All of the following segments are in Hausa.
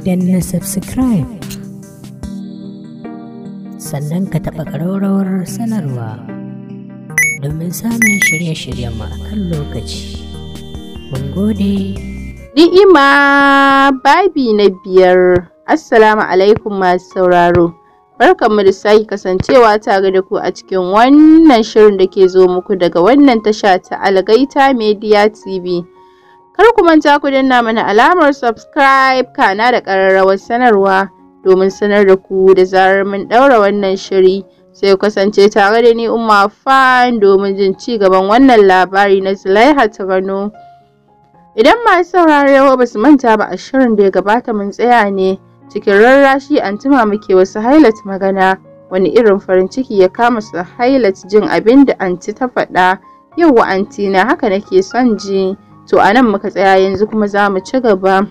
na subscribe sannan ka taɓa ƙararrawar sanarwa domin samun shirye-shiryen kan lokaci mun gode ni'ima babi na biyar assalamu alaikum masu sauraro barkanmu da sake kasancewa tare da ku a cikin wannan shirin da ke zo muku daga wannan tasha ta algaita media tv Kar ku manta ku danna mana alamar subscribe kana da ƙararrawar sanarwa domin sanar da ku da zarar mun ɗaura wannan shiri. Sai kasance tare da ni Umma Fan domin jin ci gaban wannan labari na Zulaiha ta Idan masu saurare ba su manta ba a shirin da ya gabata mun tsaya ne cikin rarrashi an tuma muke wasu hailat magana wani irin farin ciki ya kama su hailat jin abin da anti ta faɗa yauwa anti na haka nake son ji. to a nan muka tsaya yanzu kuma za mu ci gaba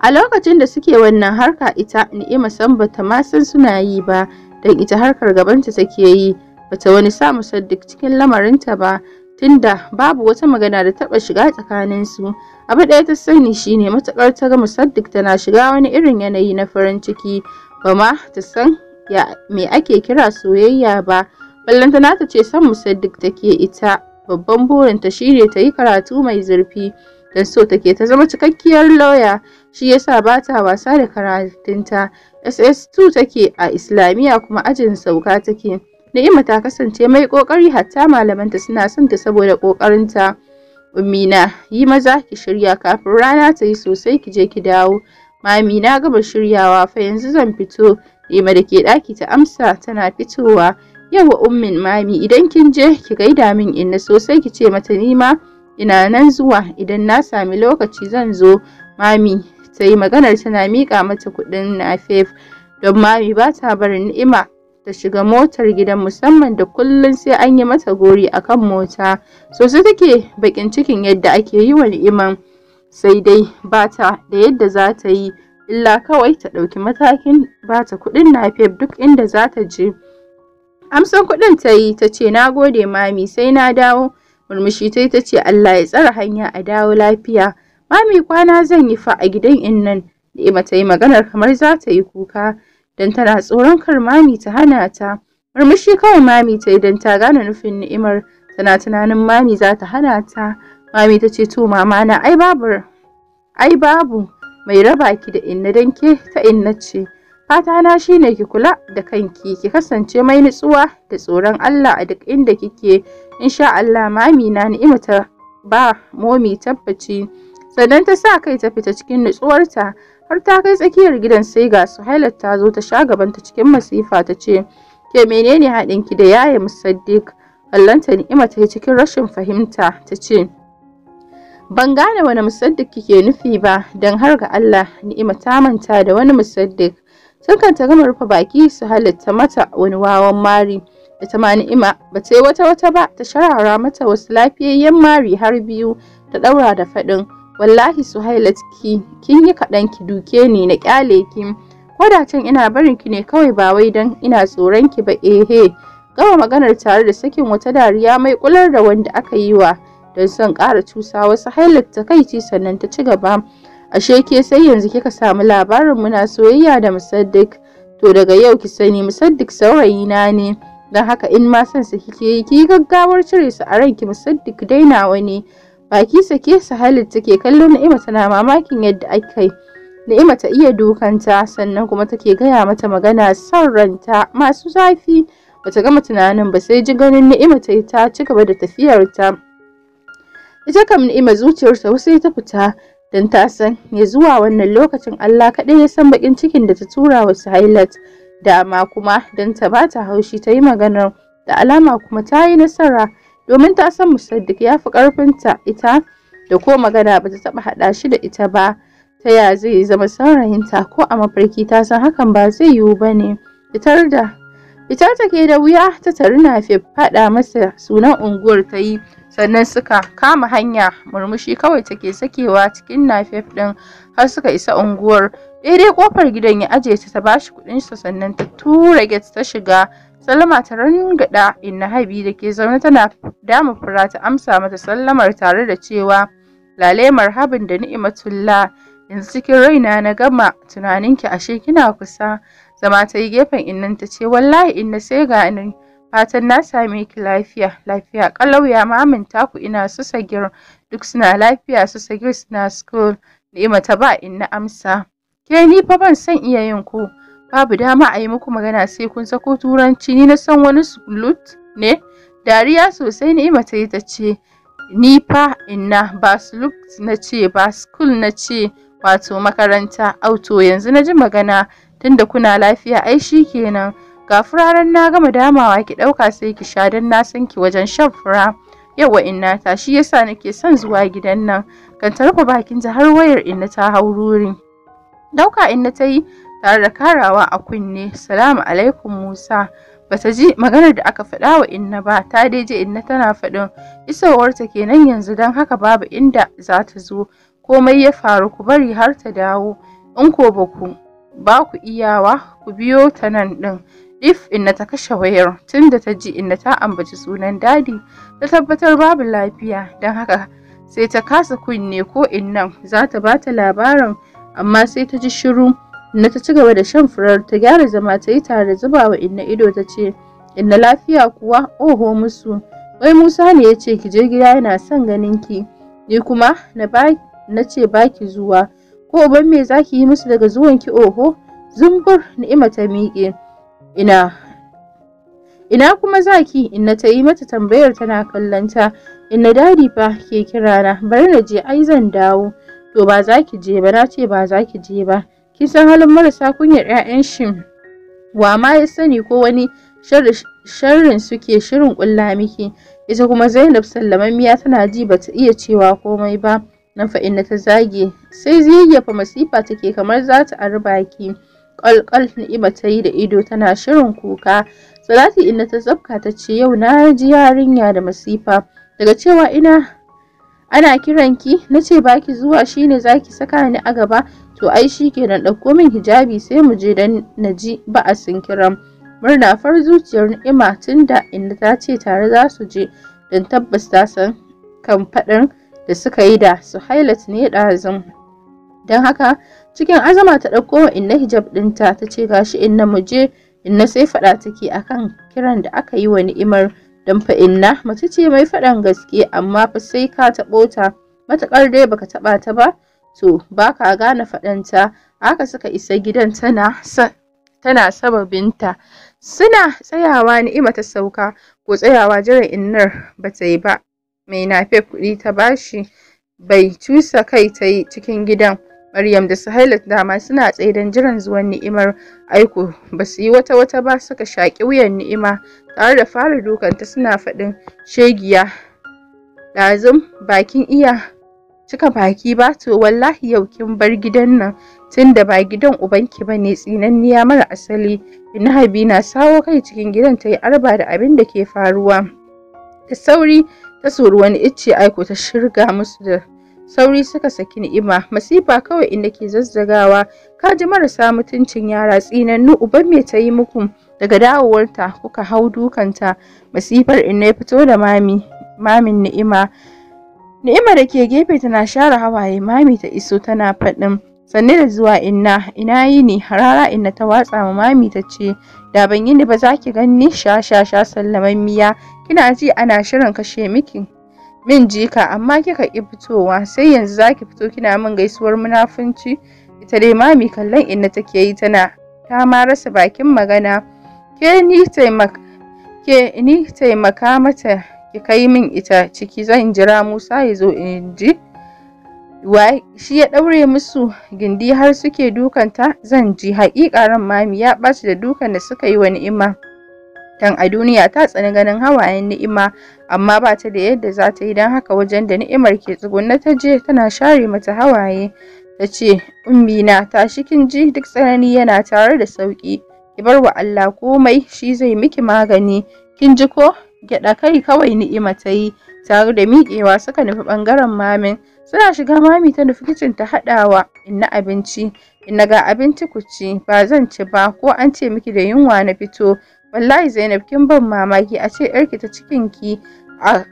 a lokacin da suke wannan harka ita ni'ima san bata ma san suna yi ba don ita harkar gabanta take yi bata wani sa musaddik cikin lamarinta ba tunda babu wata magana da taba shiga tsakanin su abu ɗaya ta sani shine matakar ta ga musaddik tana shiga wani irin yanayi na farin ciki ba ma ta san ya me ake kira soyayya ba ballantana ta ce san musaddik take ita Babban burinta shi ne ta yi karatu mai zurfi, don so take ta zama cikakkiyar lauya, shi yasa ba ta wasa da karatunta. SS2 take a Islamiyya kuma ajin sauka take. Ni'ima ta kasance mai kokari hatta malamanta suna son ta saboda kokarinta. Ummina, yi maza ki shirya kafin rana ta yi sosai ki je ki dawo. Mami na gama shiryawa fa yanzu zan fito. Ni'ima da ke ɗaki ta amsa tana fitowa. Yawa ummin mami idan kin je ki gaida min inna sosai ki ce mata nima ina nan zuwa idan na sami lokaci zan zo mami ta yi maganar tana miƙa mata kuɗin nafef don mami ba ta barin ni'ima ta shiga motar gidan musamman da kullum sai an yi mata gori a kan mota sosai take bakin cikin yadda ake yi wa ni'iman sai dai ba ta da yadda za ta yi illa kawai ta ɗauki matakin ba bata kuɗin nafef duk inda za ta je. Amsan kuɗin ta yi, ta ce, Na gode, Mami, sai na dawo. Murmushi ta yi ta ce, Allah ya tsara hanya a dawo lafiya. Mami kwana zan yi fa a gidan innan. Ni'ima ta yi maganar kamar za ta yi kuka, don tana tsoron kar Mami ta hana ta. Murmushi kawai Mami ta yi don ta gane nufin ni'imar, tana tunanin Mami za ta hana ta. Mami ta ce, To, mama na, ai babu, ai babu mai raba ki da inna danke ta inna ce. fatana shi shine ki kula da kanki, ki kasance mai nutsuwa da tsoron Allah a duk inda kike. Insha Allah mami na ni'ima ta ba momi tabbaci. Sannan ta sa kai ta fita cikin nutsuwarta har ta kai tsakiyar gidan sai ga su ta zo ta sha ta cikin masifa ta ce, "Ke menene haɗin ki da yaye Musaddiq?" Allanta ni'ima ta ya cikin rashin fahimta ta ce, "Ban gane wani musaddiq kike nufi ba, dan har ga Allah ni'ima ta manta da wani musaddiq." kan ta gama rufe baki su halitta mata wani wawan mari. Ita ma ni'ima ba ta yi wata wata ba ta sharara mata wasu lafiyayyen mari har biyu ta ɗaura da faɗin. Wallahi su ki kin yi kaɗan ki duke ni na ƙyale ki. Koda can ina barin ki ne kawai ba wai don ina tsoron ki ba ehe. Gama maganar tare da sakin wata dariya mai kular da wanda aka yi wa. don son ƙara cusa wasu kai ci sannan ta ci gaba ashe ke sai yanzu kika samu labarin muna soyayya da musaddik to daga yau ki sani musaddik saurayi na ne don haka in ma son su kike yi ki gaggawar cire su a ranki musaddik dainawa ne baki sake su halitta ke kallon na'ima tana mamakin yadda aka yi na'ima ta iya dukanta sannan kuma take gaya mata magana son ranta masu zafi bata gama tunanin ba sai ji ganin na'ima ta ta ci gaba da tafiyarta ita kam ni'ima zuciyarta wasu ta fita don ta san ya zuwa wannan lokacin Allah kaɗai ya san baƙin cikin da ta tura wa Sahilat dama kuma don ta ba ta haushi ta yi maganar da alama kuma ta yi nasara domin ta san musaddik ya fi ƙarfinta ita da ko magana ba ta taɓa haɗa shi da ita ba ta ya zai zama saurayinta ko a mafarki ta san hakan ba zai yiwu ba ne fitar da ita take da wuya ta tari nafe faɗa masa sunan unguwar ta yi sannan suka kama hanya murmushi kawai take sakewa cikin nafef din har suka isa unguwar daidai kofar gidan ya aje ta ta bashi sa sannan ta tura get ta shiga Salama ta rangada inna habi da ke zaune tana dama fura ta amsa mata sallamar tare da cewa lale marhabin da ni'imatullah yanzu cikin raina na gama tunaninki ashe kina kusa zama ta yi gefen innan ta ce wallahi inna sai ga nan fatan na same ki lafiya lafiya kalau ya mamin ku, ina su sagir duk suna lafiya su sagir suna school ni'ima ta ba inna amsa ke ni fa ban san iya yin ku babu dama a yi muku magana sai kun sako turanci ni na san wani sulut ne dariya sosai ni'ima ta yi ta ce ni fa inna ba sulut na ce ba school na ce wato makaranta auto yanzu na ji magana tunda kuna lafiya ai shi kenan ga furaren na gama damawa ki ɗauka sai ki sha dan na san ki wajen shan fura yawa inna ta shi yasa nake son zuwa gidan nan kan ta bakin ta har wayar inna ta hau dauka ɗauka inna ta tare da karawa a kunne salamu alaikum musa bata ji maganar da aka faɗa wa inna ba ta dai ji inna tana faɗin isowarta kenan yanzu dan haka babu inda za ta zo komai ya faru ku bari har ta dawo in ko baku. ba ku iyawa ku biyo ta nan ɗin. If inna ta kashe wayar tun da ta ji inna ta ambaci sunan dadi ta tabbatar babu lafiya don haka sai ta kasa kunne ko innan za ta ba ta labarin amma sai ta ji shiru inna ta ci gaba da shan furar ta gyara zama ta yi tare zubawa inna ido ta ce inna lafiya kuwa oho musu wai musa ne ya ce ki je gida yana son ganin ki ni kuma na ce baki zuwa ko ban me zaki yi musu daga zuwan ki oho zumbur ni'ima ta miƙe ina ina kuma zaki in na ta yi mata tambayar tana kallanta in na dadi fa ke kira na bari na je ai zan dawo to ba za ki je ba na ce ba za ki je ba kin san halin marasa kunyar 'ya'yan shi wa ma ya sani ko wani sharrin suke shirin ƙulla miki ita kuma zainab sallamammiya tana ji bata iya cewa komai ba nan fa'inna ta zage sai ziyayyafa masifa take kamar za ta ari baki ƙwalƙwal ni'ima ta yi da ido tana shirin kuka salati inna ta zabka ta ce yau na ji yarinya da masifa daga cewa ina ana kiranki na ce baki zuwa shine zaki saka ni a gaba to ai shi kenan ɗauko min hijabi sai mu je dan na ji ba a sun kiran murna far zuciyar ni'ima tunda inda ta ce tare za su je don tabbas ta san kan faɗin da suka yi da su hailat ne ɗazun. Don haka cikin azama ta ɗauko inna hijab ɗinta ta ce gashi inna muje inna sai faɗa take akan kiran da aka yi wa ni'imar don fa inna mace ce mai faɗan gaske amma fa sai ka taɓo ta matakar dai baka taɓa ta ba to ba ka gane faɗanta haka suka isa gidan tana tana sababinta suna tsayawa ni'ima ta sauka ko tsayawa jiran innar ba ta yi ba mai nafe kuɗi ta bashi bai cusa kai ta yi cikin gidan Maryam da suhaila dama suna tsaye don jiran zuwan ni'imar aiko ba su yi wata wata ba suka shaƙi wuyan ni'ima tare da fara dukanta suna faɗin shegiya ɗazun bakin iya cika baki ba to wallahi yau kin bar gidan nan tun da ba gidan ubanki ba ne tsinanniya mara asali ina habi na sawo kai cikin gidan ta yi arba da abin da ke faruwa da sauri ta suri wani icce aiko ta shirga musu da sauri suka saki ni'ima masifa kawai inda ke zazzagawa ka ji marasa mutuncin yara tsinannu uban me ta yi muku daga dawowarta kuka hau dukanta masifar inna ya fito da mami mamin ni'ima ni'ima da ke gefe tana share hawaye mami ta iso tana faɗin sanne da zuwa inna ina yini harara inna ta watsa ma mami ta ce da ban yi ni ba za ki ganni sha sha sha sallaman miya kina ji ana shirin kashe miki min jika amma kika ki fitowa sai yanzu zaki fito kina min gaisuwar munafunci ita dai mami kallon inna take yi tana ta ma rasa bakin magana ke ni taimaka ke ni taimaka mata ki kai min ita ciki zan jira Musa ya zo in ji wai? shi ya daure musu gindi har suke dukanta zan ji haƙiƙa ran mami ya ɓaci da dukan da suka yi wani ni'ima. Tan a duniya ta tsani ganin hawayen ni'ima amma ba ta da yadda za ta yi don haka wajen da ni'imar ke tsugunna ta je tana share mata hawaye ta ce ummi na tashi kin ji duk tsanani yana tare da sauki ki bar wa Allah komai shi zai miki magani kin ji ko gyaɗa kai kawai ni'ima ta yi tare da miƙewa suka nufi ɓangaren mamin suna shiga mami ta nufi kicin ta haɗawa inna abinci inna ga abinci ku ci ba zan ci ba ko an ce miki da yunwa na fito wallahi zainab kin ban mamaki a ce yarki ta cikin ki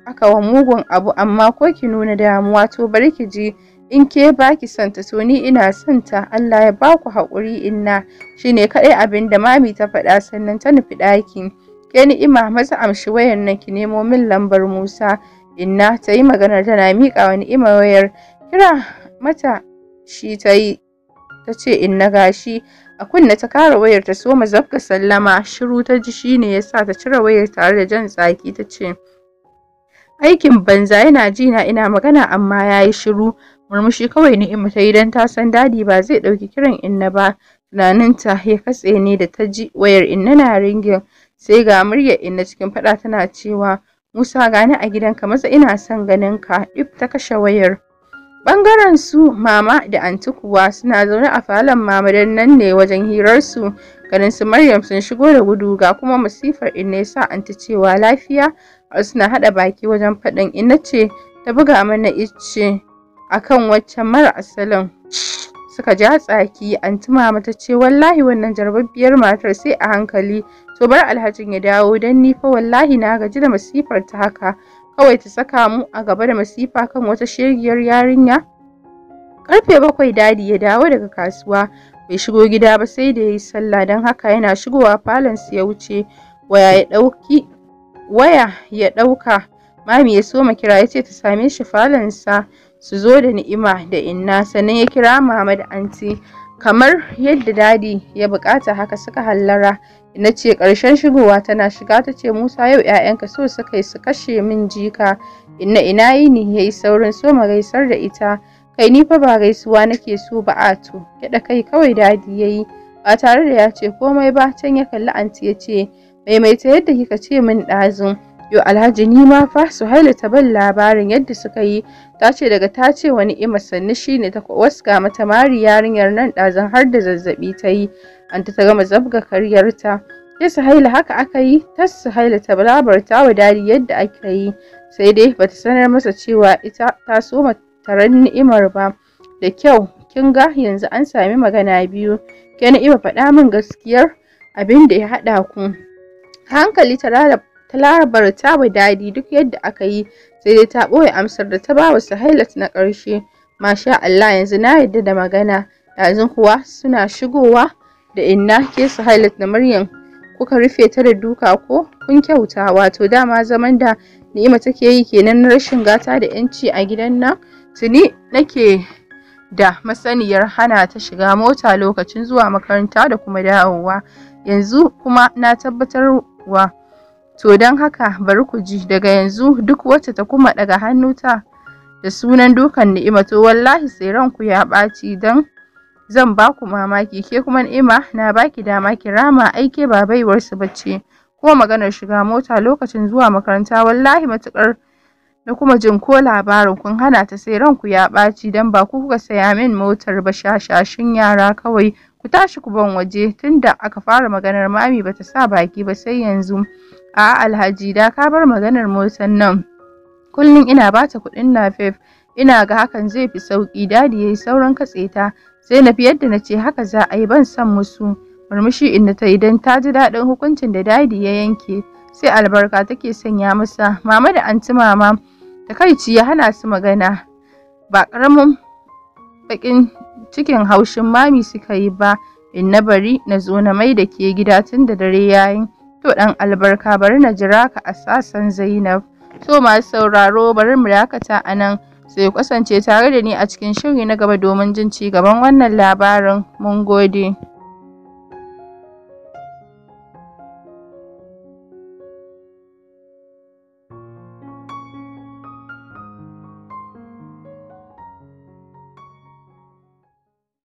aka wa mugun abu amma ko ki nuna damuwa to bari ki ji in ke baki santa to ni ina santa Allah ya baku haƙuri inna shine kaɗai abin da mami ta faɗa sannan ta nufi ɗaki ke ni'ima maza amshi wayar nan ki nemo min lambar Musa inna ta yi maganar tana miƙa wa ima wayar kira mata shi ta yi ta ce inna gashi a kunna ta kara wayar ta soma zabga sallama shiru ta ji shine yasa ta cire wayar tare da jan tsaki ta ce aikin banza yana ji na ina magana amma yayi shiru murmushi kawai ni'ima ta yi don ta san dadi ba zai ɗauki kiran inna ba tunaninta ya katse ne da ta ji wayar inna na ringin sai ga murya inna cikin faɗa tana cewa musa gani a gidanka maza ina son ganin ka ta kashe wayar Ɓangaren su Mama da anti kuwa suna zaune a falon Mama don nan ne wajen hirarsu, ganin su Maryam sun shigo da gudu ga kuma masifar inna sa Anty cewa lafiya, suna haɗa baki wajen faɗin inna ce ta buga mana a akan wacce mara asalin. Suka ja tsaki, anti Mama ta ce wallahi wannan jarbabbiyar matar sai a hankali, to bar alhajin ya dawo don ni fa wallahi na gaji da masifar ta haka. kawai ta saka mu a gaba da masifa kan wata shegiyar yarinya karfe bakwai dadi ya dawo daga kasuwa bai shigo gida ba sai da ya yi sallah don haka yana shigowa su ya wuce waya ya dauki waya ya ɗauka mami ya soma kira ya ce ta same shi falonsa su zo da ni'ima da inna sannan ya kira mama da anti kamar yadda dadi ya bukata haka suka hallara na ce ƙarshen shigowa tana shiga ta ce musa yau 'ya'yanka so suka yi su kashe min jika inna ina yi yini ya yi saurin so gaisar da ita kai ni fa ba gaisuwa nake so ba a to kiɗa kai kawai dadi ya yi ba tare da ya ce komai ba can ya kalli anti ya ce maimaita yadda kika ce min ɗazun Yo Alhaji ni ma fa Suhaila ta ban labarin yadda suka yi ta ce daga ta ce wani ima sannu shine ta waska mata mari yarinyar nan ɗazan har da zazzabi ta yi anta ta gama zabga karyarta. Ya Suhaila haka aka yi ta Suhaila ta labarta wa dadi yadda aka yi sai dai bata sanar masa cewa ita ta so taron ni'imar ba da kyau kin ga yanzu an sami magana biyu ke ni'ima faɗa min gaskiyar abin da ya haɗa ku hankali ta ta larabar ta bi dadi duk yadda aka yi sai dai ta ɓoye amsar da ta bawa hailat na ƙarshe masha Allah yanzu na yadda da magana yanzu kuwa suna shigowa da inna ke hailat da maryam kuka rufe ta da duka ko kun kyauta wato dama zaman da ni'ima take yi kenan rashin gata da yanci a gidan nan tuni nake da masaniyar hana ta shiga mota lokacin zuwa makaranta da kuma dawowa yanzu kuma na tabbatar wa To don haka bari ku ji daga yanzu duk wacce ta kuma daga hannu ta da sunan dukan ni'ima to wallahi sai ranku ya ɓaci don zan ba ku mamaki ke kuma ni'ima na baki dama ki rama aike ba baiwar su bacci ko maganar shiga mota lokacin zuwa makaranta wallahi matukar na kuma jin ko labarin kun hana ta sai ranku ya ɓaci don ba ku kuka saya min motar ba shashashin yara kawai ku tashi ku ban waje tunda aka fara maganar mami ba ta sa baki ba sai yanzu A'a Alhaji da ka bar maganar motan nan. Kullum ina bata kuɗin nafef, ina ga hakan zai fi sauƙi dadi yayi sauran katse ta. Sai na fi yadda na ce haka za a yi ban san musu. Murmushi inda ta idan ta ji daɗin hukuncin da dadi ya yanke. Sai albarka take sanya masa mama da anti mama. ta Takaici ya hana su magana. Ba ƙaramin baƙin cikin haushin mami suka yi ba. In na bari na zo na mai da ke gida tun da dare yayin. To ɗan albarka bari na jira ka a sasan Zainab. To masu sauraro bari mu dakata a nan sai kasance tare da ni a cikin shiri na gaba domin jin ci gaban wannan labarin. Mun gode.